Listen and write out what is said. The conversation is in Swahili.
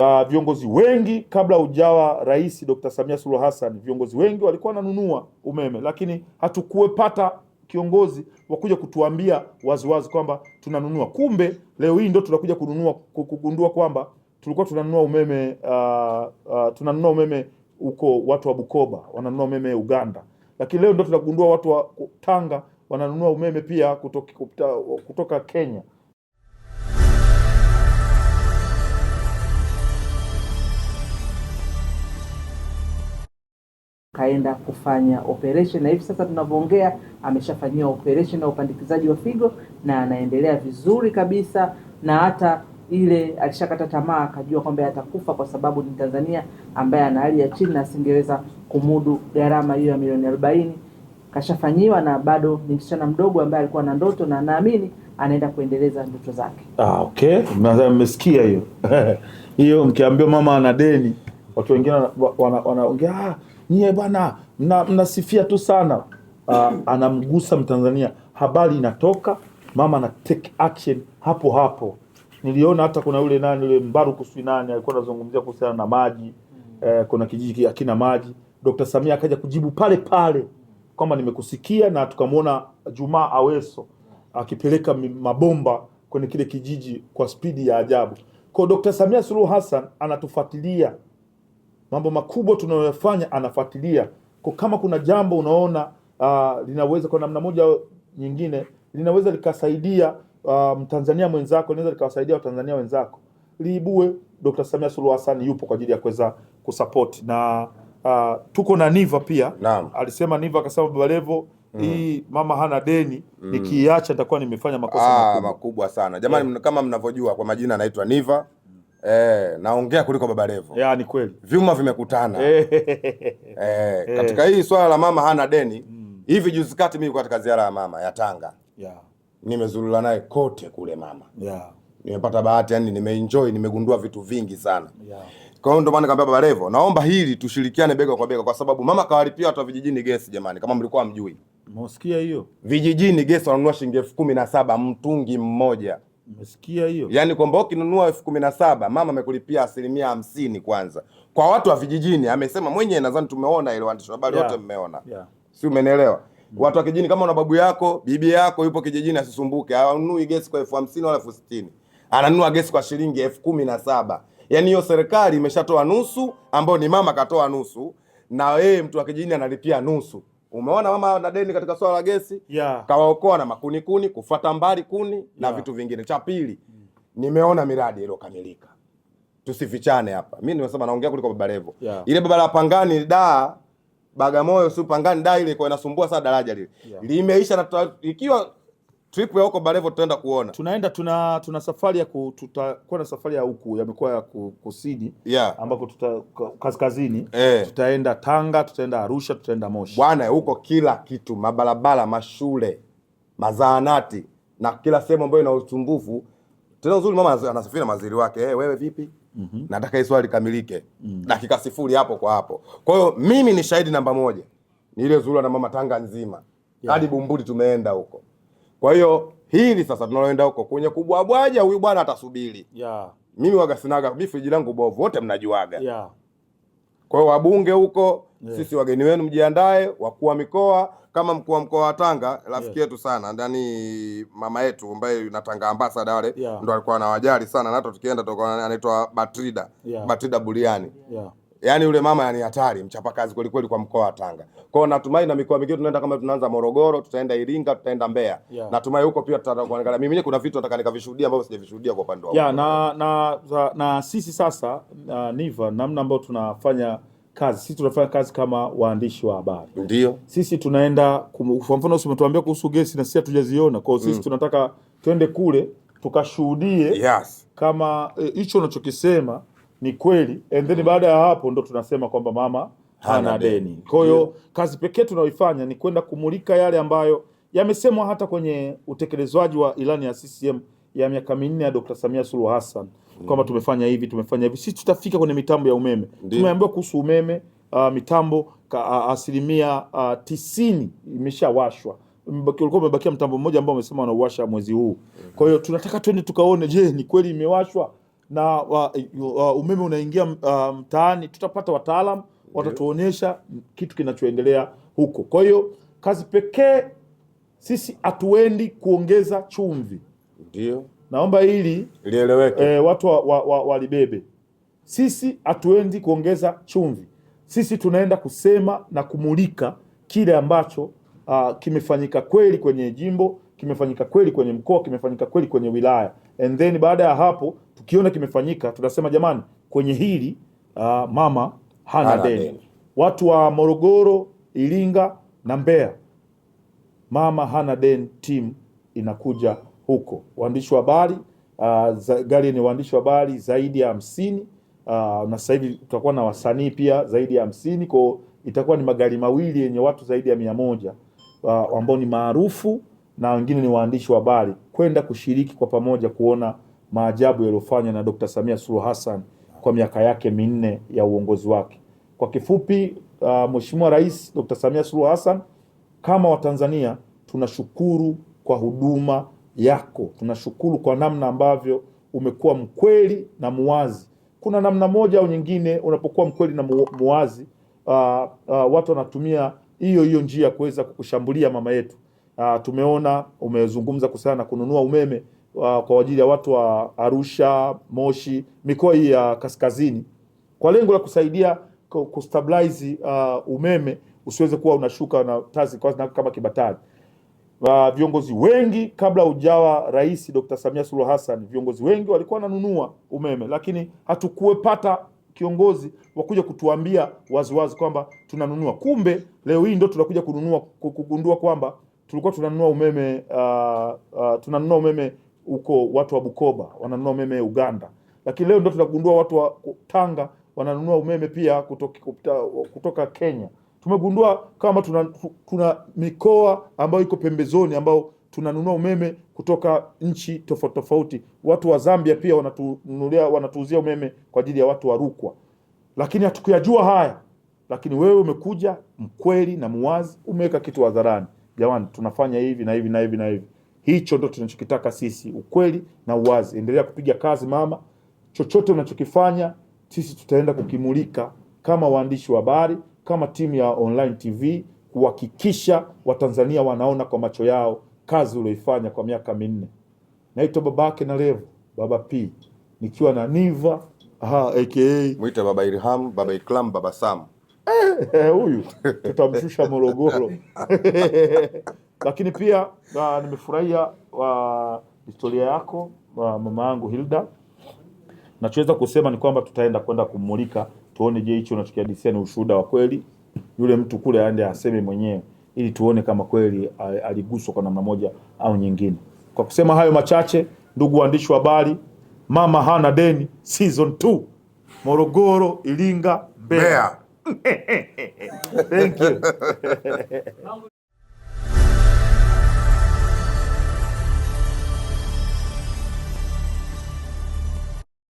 Uh, viongozi wengi kabla ujawa rais Dr. Samia Suluhu Hassan, viongozi wengi walikuwa wananunua umeme, lakini hatukuwepata kiongozi wa kuja kutuambia waziwazi kwamba tunanunua. Kumbe leo hii ndo tunakuja kununua kugundua kwamba tulikuwa tunanunua umeme uh, uh, tunanunua umeme huko, watu wa Bukoba wananunua umeme Uganda, lakini leo ndo tunagundua watu wa Tanga wananunua umeme pia kutoka, kutoka Kenya. akaenda kufanya operation, na hivi sasa tunavyoongea ameshafanyiwa operation na upandikizaji wa figo na anaendelea vizuri kabisa, na hata ile alishakata tamaa, akajua kwamba atakufa kwa sababu ni Tanzania ambaye ana hali ya chini na asingeweza kumudu gharama hiyo ya milioni arobaini. Kashafanyiwa na bado ni msichana mdogo ambaye alikuwa na ndoto na naamini anaenda kuendeleza ndoto zake. Ah, okay, mmesikia hiyo hiyo. Mkiambiwa mama ana deni, watu wengine wanaongea wana, wana ah, nyie bwana mnasifia mna tu sana uh, anamgusa Mtanzania, habari inatoka, mama na take action hapo hapo. Niliona hata kuna yule nani yule Mbaruku sui nani alikuwa anazungumzia kuhusiana na maji eh, kuna kijiji hakina maji. Dr. Samia akaja kujibu pale pale kwamba nimekusikia, na tukamwona Jumaa Aweso akipeleka mabomba kwenye kile kijiji kwa spidi ya ajabu. Kwa Dr. Samia Suluhu Hassan anatufuatilia mambo makubwa tunayoyafanya anafuatilia. Kwa kama kuna jambo unaona uh, linaweza kwa namna moja nyingine linaweza likasaidia uh, Mtanzania mwenzako, linaweza likawasaidia Watanzania wenzako, liibue. Dr. Samia Suluhu Hassan yupo kwa ajili ya kuweza kusupport na uh, tuko na Niva pia Naam. Alisema Niva akasema Baba Levo mm. hii mama hana deni mm. nikiiacha nitakuwa nimefanya makosa makubwa. makubwa sana jamani yeah. Kama mnavyojua kwa majina anaitwa Niva Eh, naongea kuliko Baba Levo. Ya, ni kweli. Vyuma vimekutana. Eh, eh, katika hii swala la mama hana deni mm. Hivi juzi kati mimi katika ziara ya mama ya Tanga ya. Nimezulula naye kote kule mama ya. Nimepata bahati yani, nimeenjoy, nimegundua vitu vingi sana ya. Kwa hiyo ndio maana nikamwambia Baba Levo, naomba hili tushirikiane bega kwa bega kwa sababu mama kawalipia watu wa vijijini gesi jamani, kama mlikuwa mjui. Msikia hiyo? Vijijini gesi wanunua shilingi elfu kumi na saba mtungi mmoja Umesikia hiyo? Yaani kwamba ukinunua elfu kumi na saba mama amekulipia asilimia hamsini kwanza kwa watu wa vijijini. Amesema mwenyewe, nadhani tumeona ile, waandishi wa habari wote Mmeona yeah. Si umenielewa? Mm. Watu wa kijijini, kama una babu yako bibi yako yupo kijijini, asisumbuke, hawanunui gesi kwa elfu hamsini wala elfu sitini ananunua gesi kwa shilingi elfu kumi na saba Yaani hiyo serikali imeshatoa nusu, ambayo ni mama katoa nusu, na yeye mtu wa kijijini analipia nusu. Umeona mama na deni katika swala la gesi yeah. Kawaokoa na makuni kuni kufuata mbali kuni yeah. na vitu vingine. Cha pili mm. nimeona miradi iliyokamilika, tusifichane hapa, mimi nimesema naongea kuliko baba Levo yeah. ile baba la Pangani da Bagamoyo, si Pangani da ile ilikuwa inasumbua sana daraja lile yeah. limeisha na ikiwa trip ya huko Barevo tutaenda kuona, tunaenda tuna tuna safari ya ku, tutakuwa na safari ya huku ya mikoa ya kusini yeah, ambako tuta kaskazini eh, tutaenda Tanga, tutaenda Arusha, tutaenda Moshi bwana, huko kila kitu, mabarabara, mashule, mazahanati na kila sehemu ambayo ina usumbufu. Tena uzuri mama anasafiri na maziri wake, hey, eh, wewe vipi? mm -hmm. Nataka hii swali likamilike mm -hmm. dakika sifuri hapo kwa hapo. Kwa hiyo mimi ni shahidi namba moja, ni ile zurua na mama Tanga nzima hadi yeah. Bumbuli tumeenda huko kwa hiyo hili sasa tunaloenda huko kwenye kubwabwaja, huyu bwana atasubiri yeah. Mimi waga sinaga mimi friji langu bovu, wote mnajuaga yeah. Kwa hiyo wabunge huko yeah. Sisi wageni wenu mjiandae, wakuu wa mikoa kama mkuu wa mkoa wa Tanga rafiki yetu yeah. sana ndani mama yetu ambaye na Tanga ambasada wale yeah. ndo alikuwa anawajali sana na hata tukienda tutakuwa anaitwa Batrida yeah. Batrida Buliani yeah. Yaani yule mama yani hatari, mchapakazi kweli kweli kwa mkoa wa Tanga. Kwa hiyo natumai na mikoa mingine tunaenda kama tunaanza Morogoro, tutaenda Iringa, tutaenda Mbeya. Yeah. Natumai huko pia tutaangalia. Mimi mwenyewe kuna vitu nataka nikavishuhudia ambavyo sijavishuhudia kwa upande wa. Yeah, na, na na na sisi sasa uh, Niva namna ambayo tunafanya kazi. Sisi tunafanya kazi kama waandishi wa habari. Ndio. Sisi tunaenda kwa mfano usimetuambia kuhusu gesi na sisi hatujaziona. Kwa hiyo sisi mm. tunataka twende kule tukashuhudie. Yes. Kama eh, hicho e, unachokisema ni kweli and then mm-hmm. baada ya hapo ndo tunasema kwamba mama hana deni. Kwa hiyo kazi pekee tunaoifanya ni kwenda kumulika yale ambayo yamesemwa hata kwenye utekelezwaji wa ilani ya CCM ya miaka minne ya Dr. Samia Suluhu Hassan kwamba mm-hmm. tumefanya hivi, tumefanya hivi. Sisi tutafika kwenye mitambo ya umeme, tumeambiwa kuhusu umeme uh, mitambo uh, asilimia uh, tisini imeshawashwa ulikuwa umebakia mtambo mmoja ambao umesema wanauwasha mwezi huu. Mm-hmm. Kwa hiyo tunataka twende tukaone, je, ni kweli imewashwa? na uh, umeme unaingia uh, mtaani, um, tutapata wataalam watatuonyesha kitu kinachoendelea huko. Kwa hiyo kazi pekee sisi hatuendi kuongeza chumvi, ndio naomba hili lieleweke, eh, watu walibebe wa, wa, wa sisi hatuendi kuongeza chumvi, sisi tunaenda kusema na kumulika kile ambacho uh, kimefanyika kweli kwenye jimbo, kimefanyika kweli kwenye mkoa, kimefanyika kweli kwenye wilaya, and then baada ya hapo tukiona kimefanyika tunasema jamani, kwenye hili uh, mama hana deni. Watu wa Morogoro, Iringa na Mbeya, mama hana deni team inakuja huko. Waandishi wa habari uh, ah, gari ni waandishi wa habari zaidi ya hamsini uh, na sasa hivi tutakuwa na wasanii pia zaidi ya hamsini kwao itakuwa ni magari mawili yenye watu zaidi ya mia moja uh, ambao ni maarufu na wengine ni waandishi wa habari kwenda kushiriki kwa pamoja kuona maajabu yaliyofanywa na Dr. Samia Suluhu Hassan kwa miaka yake minne ya uongozi wake. Kwa kifupi, uh, Mheshimiwa Rais Dr. Samia Suluhu Hassan, kama Watanzania tunashukuru kwa huduma yako, tunashukuru kwa namna ambavyo umekuwa mkweli na muwazi. Kuna namna moja au nyingine, unapokuwa mkweli na muwazi uh, uh, watu wanatumia hiyo hiyo njia kuweza kushambulia mama yetu. Uh, tumeona umezungumza kuhusiana na kununua umeme uh, kwa ajili ya watu wa Arusha, Moshi, mikoa hii ya kaskazini kwa lengo la kusaidia kustabilize uh, umeme usiweze kuwa unashuka na tazi kwa kama kibatari. Uh, viongozi wengi kabla ujawa Rais Dr. Samia Suluhu Hassan, viongozi wengi walikuwa wananunua umeme, lakini hatukuwepata kiongozi wa kuja kutuambia waziwazi kwamba tunanunua. Kumbe leo hii ndo tunakuja kununua, kugundua kwamba tulikuwa tunanunua umeme uh, uh, tunanunua umeme huko watu wa Bukoba wananunua umeme Uganda, lakini leo ndio tunagundua watu wa Tanga wananunua umeme pia kutoka, kutoka Kenya. Tumegundua kama tuna, tuna mikoa ambayo iko pembezoni ambao tunanunua umeme kutoka nchi tofauti tofauti. Watu wa Zambia pia wanatununulia wanatuuzia umeme kwa ajili ya watu wa Rukwa, lakini hatukuyajua haya. Lakini wewe umekuja mkweli na muwazi, umeweka kitu hadharani, jamani, tunafanya hivi na hivi na hivi na hivi. Hicho ndo tunachokitaka sisi, ukweli na uwazi. Endelea kupiga kazi mama, chochote unachokifanya sisi tutaenda kukimulika kama waandishi wa habari, kama timu ya Online TV kuhakikisha Watanzania wanaona kwa macho yao kazi ulioifanya kwa miaka minne. Naitwa babake na Levo, Baba P, nikiwa na Niva aha, aka Baba Ilham, Baba Iklam, Baba Sam. Eh, eh, huyu tutamshusha Morogoro. Lakini pia uh, nimefurahia uh, historia yako uh, mama yangu Hilda. Nachoweza kusema ni kwamba tutaenda kwenda kumulika, tuone, je, hicho unachokihadithia ni ushuhuda wa kweli? Yule mtu kule aende aseme mwenyewe, ili tuone kama kweli aliguswa kwa namna moja au nyingine. Kwa kusema hayo machache, ndugu waandishi wa habari, mama hana deni season 2 Morogoro, Iringa, Mbeya. Thank you.